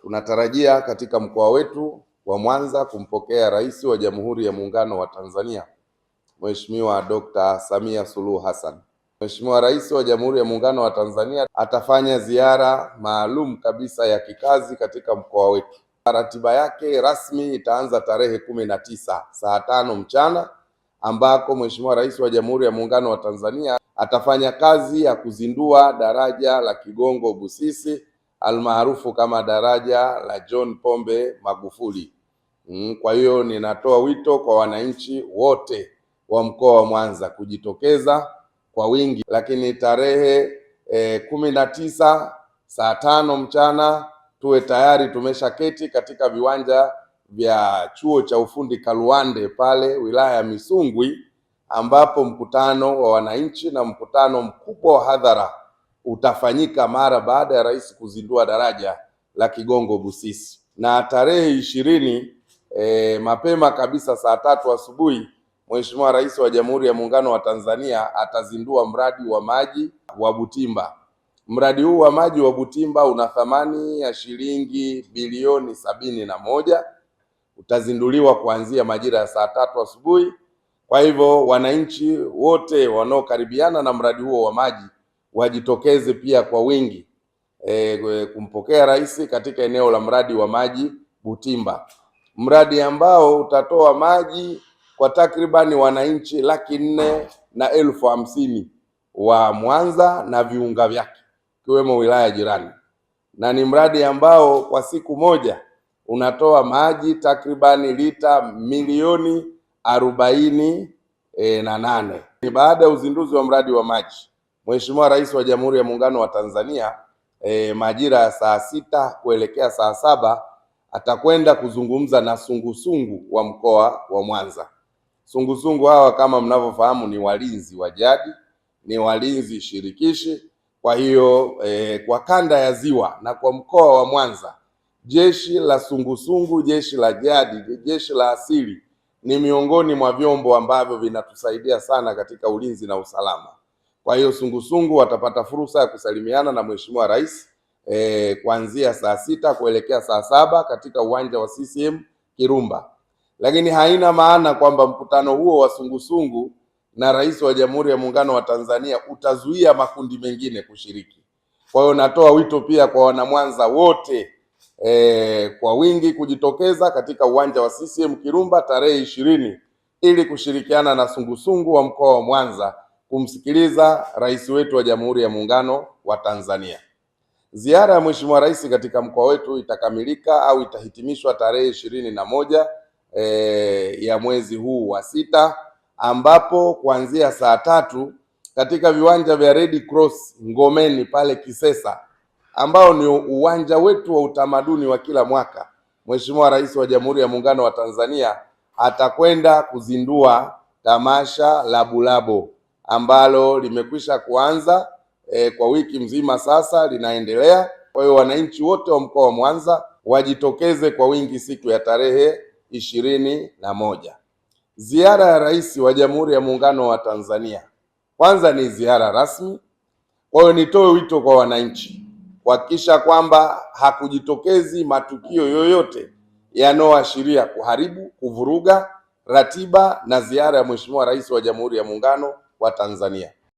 Tunatarajia katika mkoa wetu wa Mwanza kumpokea Rais wa Jamhuri ya Muungano wa Tanzania Mheshimiwa Dr. Samia Suluhu Hassan. Mheshimiwa Rais wa Jamhuri ya Muungano wa Tanzania atafanya ziara maalum kabisa ya kikazi katika mkoa wetu. Ratiba yake rasmi itaanza tarehe kumi na tisa saa tano mchana ambako Mheshimiwa Rais wa Jamhuri ya Muungano wa Tanzania atafanya kazi ya kuzindua daraja la Kigongo Busisi almaarufu kama daraja la John Pombe Magufuli. Mm, kwa hiyo ninatoa wito kwa wananchi wote wa mkoa wa Mwanza kujitokeza kwa wingi, lakini tarehe e, eh, kumi na tisa saa tano mchana tuwe tayari tumeshaketi katika viwanja vya chuo cha ufundi Kaluande pale wilaya ya Misungwi ambapo mkutano wa wananchi na mkutano mkubwa wa hadhara utafanyika mara baada ya rais kuzindua daraja la Kigongo Busisi, na tarehe ishirini e, mapema kabisa saa tatu asubuhi Mheshimiwa Rais wa Jamhuri ya Muungano wa Tanzania atazindua mradi wa maji wa Butimba. Mradi huu wa maji wa Butimba una thamani ya shilingi bilioni sabini na moja utazinduliwa kuanzia majira ya saa tatu asubuhi. Kwa hivyo wananchi wote wanaokaribiana na mradi huo wa maji wajitokeze pia kwa wingi e, kumpokea rais katika eneo la mradi wa maji Butimba, mradi ambao utatoa maji kwa takribani wananchi laki nne na elfu hamsini wa Mwanza na viunga vyake ikiwemo wilaya jirani, na ni mradi ambao kwa siku moja unatoa maji takribani lita milioni arobaini e, na nane. Baada ya uzinduzi wa mradi wa maji Mheshimiwa Rais wa Jamhuri ya Muungano wa Tanzania e, majira ya saa sita kuelekea saa saba atakwenda kuzungumza na sungusungu wa mkoa wa Mwanza. Sungusungu hawa kama mnavyofahamu ni walinzi wa jadi, ni walinzi shirikishi. Kwa hiyo e, kwa kanda ya Ziwa na kwa mkoa wa Mwanza, jeshi la sungusungu, jeshi la jadi, jeshi la asili ni miongoni mwa vyombo ambavyo vinatusaidia sana katika ulinzi na usalama. Kwa hiyo sungusungu watapata fursa ya kusalimiana na Mheshimiwa Rais e, kuanzia saa sita kuelekea saa saba katika uwanja wa CCM Kirumba, lakini haina maana kwamba mkutano huo wa sungusungu na Rais wa Jamhuri ya Muungano wa Tanzania utazuia makundi mengine kushiriki. Kwa hiyo natoa wito pia kwa wanamwanza wote e, kwa wingi kujitokeza katika uwanja wa CCM Kirumba tarehe ishirini ili kushirikiana na sungusungu wa mkoa wa Mwanza kumsikiliza rais wetu wa Jamhuri ya Muungano wa Tanzania. Ziara ya Mheshimiwa Rais katika mkoa wetu itakamilika au itahitimishwa tarehe ishirini na moja e, ya mwezi huu wa sita ambapo kuanzia saa tatu katika viwanja vya Red Cross Ngomeni pale Kisesa ambao ni uwanja wetu wa utamaduni wa kila mwaka, Mheshimiwa Rais wa Jamhuri ya Muungano wa Tanzania atakwenda kuzindua tamasha la Bulabo ambalo limekwisha kuanza e, kwa wiki mzima sasa linaendelea. Kwa hiyo wananchi wote wa mkoa wa Mwanza wajitokeze kwa wingi siku ya tarehe ishirini na moja. Ziara ya Rais wa Jamhuri ya Muungano wa Tanzania kwanza ni ziara rasmi. Kwa hiyo nitoe wito kwa wananchi kuhakikisha kwamba hakujitokezi matukio yoyote yanayoashiria kuharibu, kuvuruga ratiba na ziara ya Mheshimiwa Rais wa Jamhuri ya Muungano wa Tanzania.